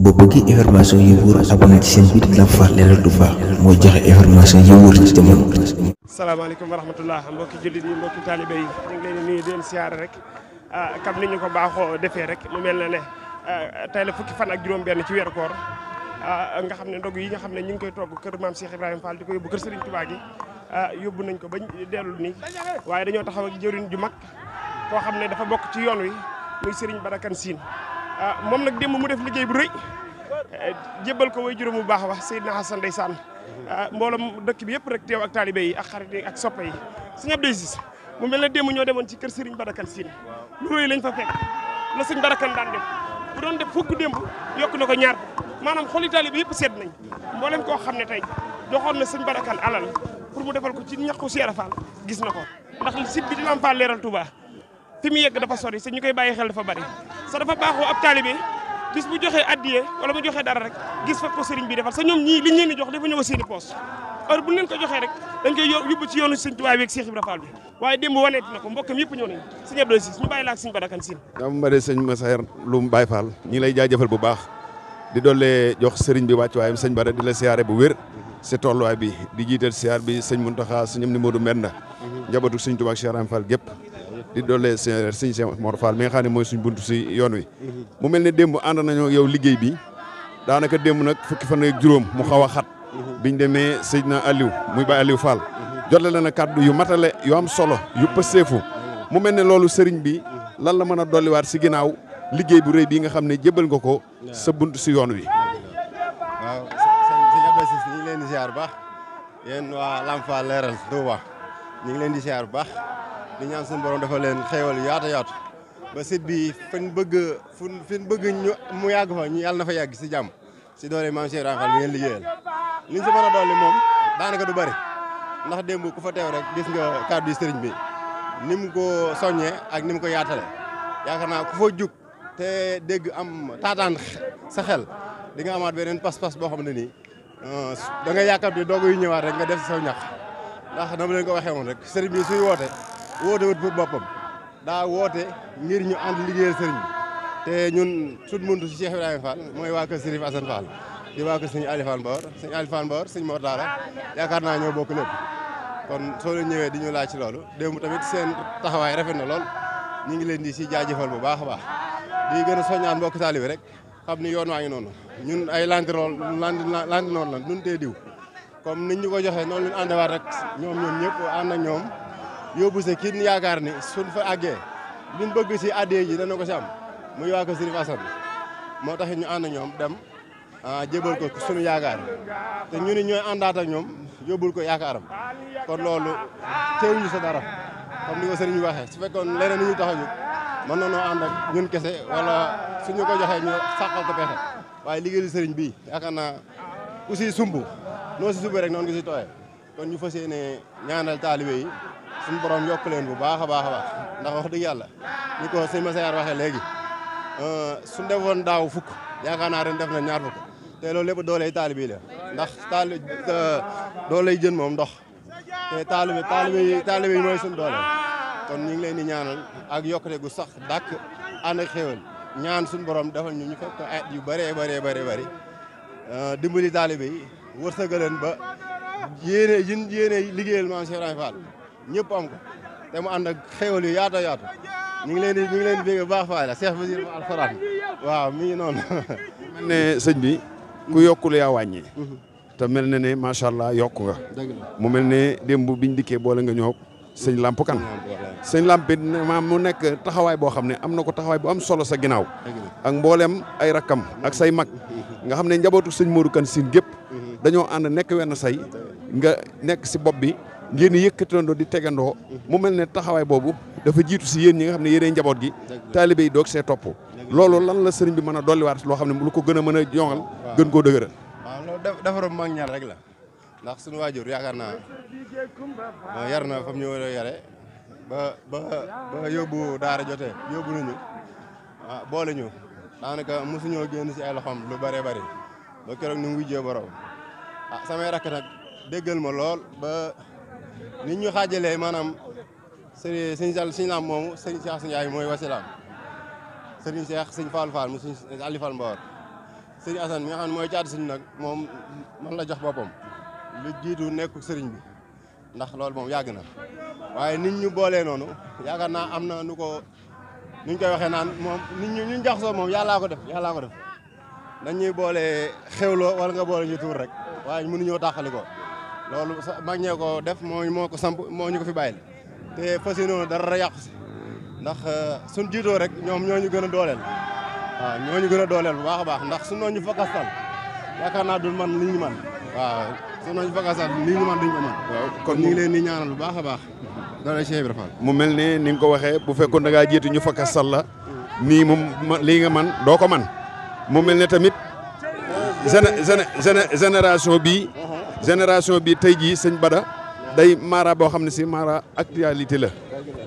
boo bëggee information yi wour abonné ci seen bit la fa Léral du fa mo joxe information yi wour ci assalamu alaykum wa rahmatullah mbokki jullit ñi mbokki talibé yi ñu ngi leen di nuyu di leen siyaare rek kam ah, ni ñu ko baxo defee rek lu melna né ah, tay la fukki fan ak juroom ben ci weeru koor ah nga xamné ndog yi nga xamné ne ñu ngi koy togg kër maam Cheikh ibrahim Fall di ko yóbbu kër Serigne Touba gi ah yobbu nañ ko bañ dellul ni waye dañu taxaw ak jëriñ ju mak ko xamné dafa bok ci yoon wi muy Serigne Barakan Sine Ah, mom nak dem mu def liggey bu reuy eh, jébbal ko way juróom bax wax sayyidna hasan ndaysan ah, mbolam dekk bi yep rek tew ak talibe yi ak xarit ak soppe yi sëñ Abdou Aziz mu melni dem ñoo demon ci keur Serigne Badakan sin lu reuy lañ fa fek la serigne Badakan daan def bu doon def fukk dem yok nako ñaar manam xoli talibe yep set nañ mbolam ko xamne tay tey na serigne Badakan alal pour mu defal ko ci ñaqu Cheikh gis nako ndax site bi di Lamp Fall Leeral Touba fi mu yegg dafa sori te ñukay baye xel dafa bari sa dafa baaxoo ab taalibe gis bu joxee addiye wala bu joxee dara rek gis fa ko sëriñ bi defal sa ñoom ñii liñ leen di jox dafa ñëw a seeni poos heure bu leen ko joxee rek dañ koy ci yoonu sëriñ Tuubaa weeg Cheikh Ibra Fall bi waaye démb waneeti na ko mbokkam yëpp ñëw nañ sëñ Abdou Sis ñu bàyyi laak sëñ Badakan Siin daa lu mu Baay Fall ñi ngi lay jaajëfal bu baax di doole jox sëriñ bi wàcc waayam sëñ Bada di la siyaare bu wér si tolluwaay bi di jiital siyaar bi sëñ Muntaxa sëñ Amdi Moodu Mbenda mhm. njabootu sëñ Tuubaa Cheikh Ibra di doole seen sëñ Cheikh Mor Fall mi nga xam ne mooy suñ buntu si yoon wi. mu mel ne démb ànd nañoo yow liggéey bi daanaka démb nag fukki fan juróom mu xaw a xat. biñ demee sëñ na Aliou muy ba Aliou Fall. jotle na kàddu yu matale yu am solo yu pëseefu mu mel ne loolu sëriñ bi lan la mën a dolliwaat si ginnaaw liggéey bu rëy bii nga xam ne jébal nga ko sa bunt si yoon wi. waaw sëñ Abdou Ciss ñu leen di ziar bu baax yéen waa Lamp Fall Leeral Touba ñu ngi leen di ziar bu di ñaan suñu borom dafa leen xéewal yaatu yaatu ba site bi fan bëgg fu fi bëgg ñu mu yàgg fa ñu yàlla na fa yàgg si jàmm si doole maam Cheikh Ibra Fall bi ngeen liggéeyal liñ si mën a dolli moom daanaka du bari ndax démb ku fa teew rek gis nga kàddu yi sëriñ bi ni mu ko soññee ak ni mu ko yaatale yaakaar naa ku fa jug te dégg am taataan sa xel di nga amaat beneen pas-pas boo xam ne nii euh, da nga yaakaar di doog yu ñëwaat rek nga def si saw ñax ndax dama leen ko waxee woon rek sëriñ bi suy woote woote wut pour boppam daa woote ngir ñu ànd liggéeyal sëriñ te ñun tout le monde si Cheikh Ibrahima Fall mooy waa kër Sërif Assane Fall di waa kër sëñ Aliou Fall Mbawar sëñ moo Fall Mbawar yaakaar naa ñoo bokk lépp kon soo leen ñëwee di ñu laaj ci loolu démb tamit seen taxawaay rafet na lool ñu ngi leen di si jaajëfal bu baax a baax di gën a soññaan mbokk taalibe rek xam ni yoon waa ngi noonu ñun ay landinoor landinoor la ñun te diw comme niñ ñu ko joxee noonu lañ àndewaat rek ñoom ñoom ñëpp ànd ak ñoom yóbbu si kin yaakaar ni suñ fa àggee liñ bëgg si addee ji dana ko si am muy waa ko Sëriñ moo tax ñu ànd ñoom dem ah, jébal ko suñu yaakaar te ñu ni ñooy àndaat ak ñoom yóbbul ko yaakaaram kon loolu teewuñu sa dara comme ni ko sëriñ bi waxee su fekkoon leneen ñu tax a jóg mën na noo ànd ak ñun kese wala ñu ko joxee ñu sàqal ko pexe waaye liggéeyu sëriñ bi yaakaar naa aussi sumb noo si sumb rek noonu nga si kon ñu fas yéene ñaanal taalibe yi suñu borom yokk leen bu baax a baax a baax ndax wax dëgg yàlla ni ko sëñ Massaar waxee léegi euh, suñu defoon daaw fukk yaakaar naa ren def na ñaar fukk te loolu lépp dooley taalibe yi la ndax taali euh, dooley jën moom ndox te taalibe taalibe taalibe yi mooy suñu doole kon ñu ngi leen di ñaanal ak yokkute gu sax dàkk ànd ak xéwal ñaan suñu borom defal ñu ñu fekk at yu bëree bëree bëree bëri euh, dimbali taalibe yi wërsëgaleen ba yéene yin yéene liggéeyal maam Cheikh Ibrahima Fall ñëpp am ko te mu ànd ak xéwal yu yaatu yaatu ñu ngi leen di ñu ngi leen di dégg la Cheikh waaw mi ngi noonu. ne sëñ bi ku yokkul yaa wàññi. Mhm. te mel na ne macha allah yokk nga. mu mel ne démb biñ dikkee boole nga ñëw sëñ Lamp kan. sëñ Lamp it mu nekk taxawaay boo xam ne am na ko taxawaay bu am solo sa ginnaaw. ak mboolem ay rakkam ak say mag. Mhm. nga xam ne njabootu sëñ Modou kan siin gépp mhm. dañoo ànd nekk wenn say nga nekk si bopp bi. ngeen yëkkatandoo di tegandoo mu mel ne taxawaay boobu dafa jiitu si yéen ñi nga xam ne yéenay njaboot gi taalibe yi doog see topp loolu lan la sëriñ bi mën a dolliwaat loo xam ne lu ko gën a mën a joŋal gën koo dëgëral waaw loolu defaru mag ñaar rek la ndax suñu waajur yaakaar naa yar na fam ñu war a yare ba ba ba yóbbu daara jotee yóbbu nañu ah, boole ñu daanaka mosuñoo génn si ay loxoom lu bëree bëri ba keroog ñu wujjee borom ah rakk nag déggal ma lool nit ñu xaajalee maanaam sëriñ sëñ Sall sëñ Lam moomu sëñ Cheikh Ndiaye mooy wasilaam sëriñ Cheikh sëñ Fall Fall mu sëñ Ali Fall Mbawar sëñ Assane mi nga xam ne mooy caatu sëñ nag moom man la jox boppam lu jiitu nekk sëriñ bi ndax loolu moom yàgg na waaye nit ñu boolee noonu yaakaar naa am na nu ko nuñ koy waxee naan moom nit ñu ñu jaxasoo moom yàllaa ko def yàllaa ko def dañuy boole xewloo wala nga boole ñu tuur rek waaye mënuñoo tàqali ko loolu sa mag ko def moo moo ko samp moo ñu ko fi bàyyil te fas yéene dara yàqu si ndax euh, suñ jiitoo rek ñoom ñoo ñu gën a dooleel waaw ñoo ñu gën a dooleel bu baax a baax ndax su ñu fakastal yaakaar naa du man li man waaw su ñu fakastal li ñu man duñ ko man kon ñu ngi leen di ñaanal bu baax a baax dara Cheikh mu mel ne ni nga ko waxee bu fekkoon da ngaa jiitu ñu fakastal la nii moom lii nga man doo ko man mu mel ne tamit génération bii génération bi tey jii sëñ Bada day maara boo xam ne si maara actualité la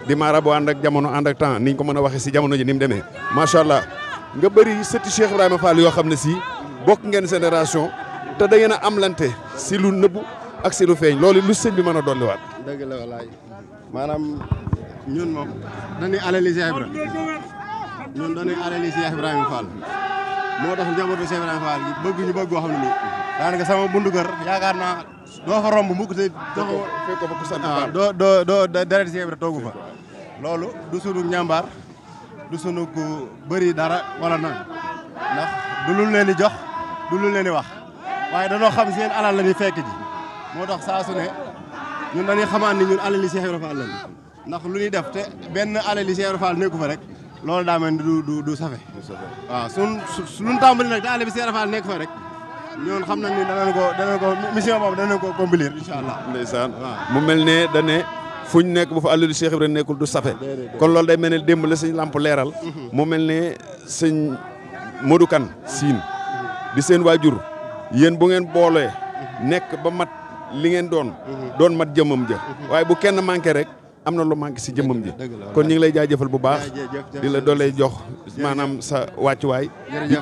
di maara boo ànd ak jamono ànd ak temps niñ ko mën a waxee si jamono ji ni mu demee macha allah nga bëri sëti Cheikh Ibrahima Fall yoo xam ne si bokk ngeen génération te da ngeen a amlante si lu nëbbu ak si lu feeñ loolu lu sëñ bi mën a dolliwaat. dëgg la walaay maanaam ñun moom dañuy alali Cheikh Ibrahima ñun dañuy alali moo tax njabootu Cheikh Ibrahima Fall gi bëgg ñu bëgg boo xam ne nii daanaka sama bundu kër yaakaar naa doo fa romb mukk te doo doo doo doo deret Cheikh Ibrahima toogu fa loolu du sunu ñàmbaar du sunu ku bëri dara wala na ndax du lu leen ni jox du lu leen di wax waaye danoo xam seen alal la ñuy fekk moo tax saa su ne ñun dañuy xamaan ni ñun alali Cheikh Ibrahima Fall ndax lu ñuy def te benn alali Cheikh Ibrahima Fall nekku fa rek loolu daa mel du du du safe. waaw suñ suñ tàmbali nag daal bi Serigne Fall nekk fa rek ñoon xam na ni danañ ko danañ ko mission boobu danañ ko accomplir incha allah. ndeysaan mu mel nee da ne ñu nekk bu fa àllu Cheikh Ibrahima nekkul du safe. kon loolu day mel ne démb la sëñ leeral. Mhm. mu mel ne sëñ Modou Kane siin di seen waajur yéen bu ngeen boolee. Mhm. nekk ba mat li ngeen doon. Mhm. doon mat jëmmam ja. waaye bu kenn manqué rek. am na lu manqué si jëmmam ji kon ñu ngi lay jaajëfal bu baax di la doolee jox maanaam sa wàccuwaay di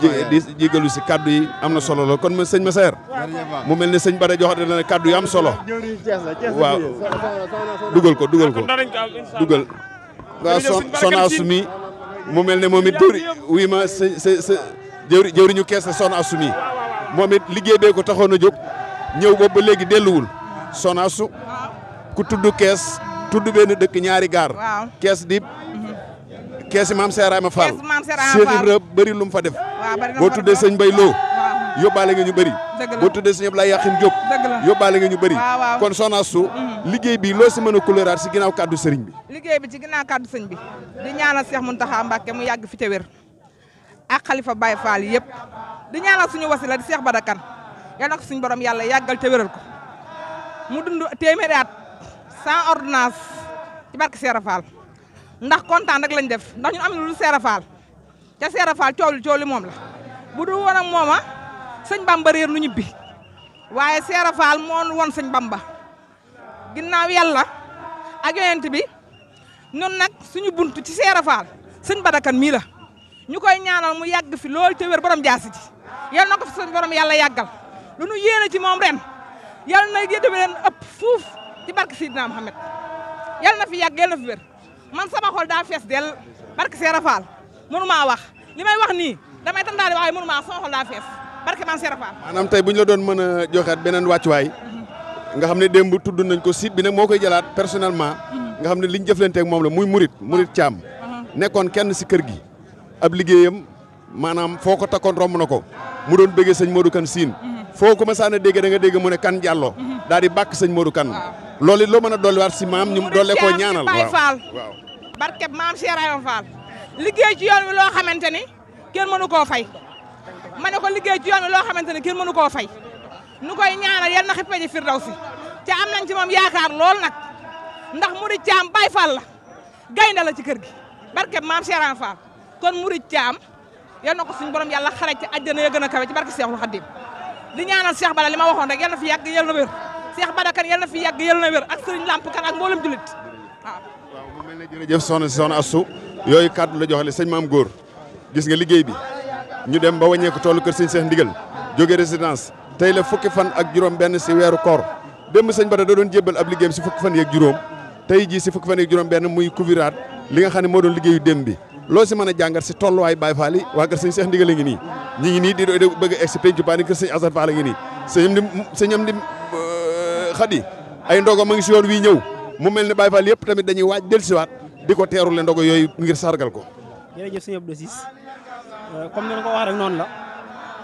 jégalu si kaddu yi am na solo lool kon ma sëñ ma seer mu mel ne sëñ Bada joxate na kaddu am solo waaw dugal ko dugal ko dugal waaw sumi mu mel ne moom it jëwri wii ma sa sa kees la sona sumi moom it liggéey dee ko taxoon a jóg ñëw boobu ba léegi delluwul sona su ku kees tudd benn dëkk ñaari gaar. waaw kees di. Mhm. kees maam Seeraay ma Fall. kees maam Seeraay ma Fall Cheikh Ibra bëri lu mu fa def. waaw bëri boo tuddee sëñ Bay Lo. yóbbaale nga ñu bëri. boo tuddee sëñ Ablaye Yaxin Diop. yóbbaale nga ñu bëri. kon soxna su mhm. liggéey bi loo si mën a couleur si ginnaaw kàddu sëriñ bi. liggéey bi ci ginnaaw kàddu sëriñ bi. di ñaanal Cheikh Mountakha Mbacké mu yàgg fi te wér. ak xalifa Baye Fall yëpp. di ñaanal suñu wasila di Cheikh Badakan yal na ko suñu borom yàlla yàggal te wéral ko mu dund sans ordonnance ci barke Serap ndax kontaan rek lañ def ndax ñun am na lu Serap Fall ca Serap coow li coow li moom la bu du woon ak mooma sëñ Bamba réer nu ñibbi waaye Serap Fall moo woon sëñ Bamba ginnaaw yàlla ak bi ñun nag suñu bunt ci Serap Fall sëñ Badakan mii la ñu koy ñaanal mu yàgg fi lool te wér borom jaasi ji yal na ko sëñ borom yàlla yàggal lu nu yéene ci moom ren yal na yéene ren ëpp fuuf. ci barke Sidina mohammed yal na fi yàgg na fi wer man sama xol da fess del barke Seera Faal mënu wax limay wax ni damay tandale way mënu maa wax xol da fess barke man Seera Faal. maanaam tey bu la doon meuna a benen waccu way nga xamne dembu tuddu nañ ko sid bi nak mokay jalat personnellement. nga xamne liñ li ak mom la muy mourid mourid cham nekkon kenn ci kër gi ab liggéeyam manam foko ko rom nako mu doon bëggee sëñ Modou kan sin mhm. foko ma sa na dégg da nga dégg mu ne kan jallo mhm. daal di bàkk Modou kan loolu it loo si mam ñu dolle koo ñaanal waaw Fall waaw barkeb maam Cheikh Ibrahima Fall liggéey ci yoon wi loo xamante mënu koo fay ma ne ko liggéey ci yoon wi mënu fay nu ñaanal yal na xippee firrausi. firdawsi te am nañ ci moom yaakaar lool nag ndax murid caam Baay Fall la gaynde la ci kër gi Fall kon murid caam yal na ko suñu borom yàlla xare ci ya gën a ci barke Seexul Xaddim di ñaanal Cheikh Bala li ma rek yal na fi yàgg yal na wér Cheikh Badakan yal na fi yàgg yal na wér ak sëriñ Lamp Kan ak mboolem julit yooyu kàddu la joxale sëñ maam góor gis nga liggéey bi ñu dem ba wàññeeku toolu kër sëñ Cheikh Ndigal jóge résidence tey la fukki fan ak juróom benn si weeru koor démb sëñ Bada da doon jébbal ab liggéeyam si fukki fan yeeg juróom tey jii si fukki fan yeeg juróom benn muy couviraat li nga xam ne moo doon liggéeyu dem bi loo si mën a jàngat si tolluwaay Baye Fall yi waa kër sëñ Cheikh Ndigal a ngi nii ñi ngi di bëgg a expliquer ju baa a ngi xadi ay ndogo mo ngi ci yoon wi ñew mu melni bay Fall yépp tamit dañuy ci wat diko téru le ndogo yoy ngir sargal ko. jërëjëf señu Abdou Ciss euh, comme ñu ko wax rek non la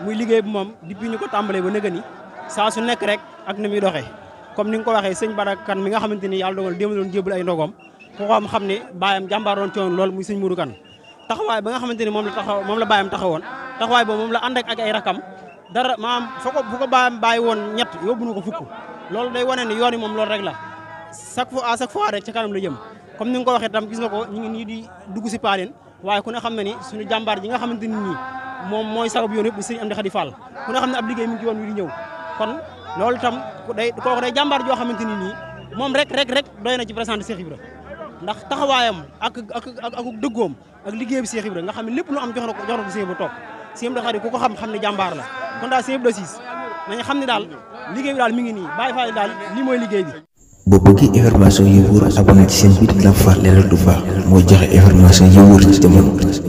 muy liggéey bu mom dibi ñu ko ba nëgë ni su nek rek ak ni muy comme ni nga ko waxé sëñ barak kan mi nga xamanteni yalla dogal démb doon jébal ay ndogom ko xam xamni bayam jàmbaar doon coono lool muy sëñ murukan taxaway ba nga xamanteni mom la taxaw mom la bayam taxawon taxaway boobu mom la and ak ay rakam dara maam foko bu ko bayam bayiwon ñet yobunu ko fukk lolou day wone ni yoon mom lolou rek la chaque fois à chaque fois rek ci kanam la jëm comme ni nga ko waxee tam gis nga ko ñi ngi nii di dugg ci paaleen waye ku ne xamna ni suñu jambar gi nga xamanteni ni mom moy mooy sabab yoon yëpp di sëriñ Amdi khadi Fall ku ne xamna ab liggéey mi ngi ci yoon wi di ñew kon lolou tam ku day ko day jambar jo xamanteni ni mom rek rek rek doyna ci présenté Cheikh Ibra ndax taxawayam ak ak ak deggom ak liggéey bi Cheikh Ibra nga xamni lepp lu am joxna ko joxna na ko Cheikh Ibra toog Cheikh Ibra khadi ku ko xam xamni jambar la kon da Cheikh Ibra 6 nañ xam ne daal liggéey bi daal mi ngi nii Baye Fall daal lii mooy liggéey bi. boo bëggee information yi wóor abonné ci seen biir Lamp Fall Léral du baax mooy joxe information yi wóor ci jamono.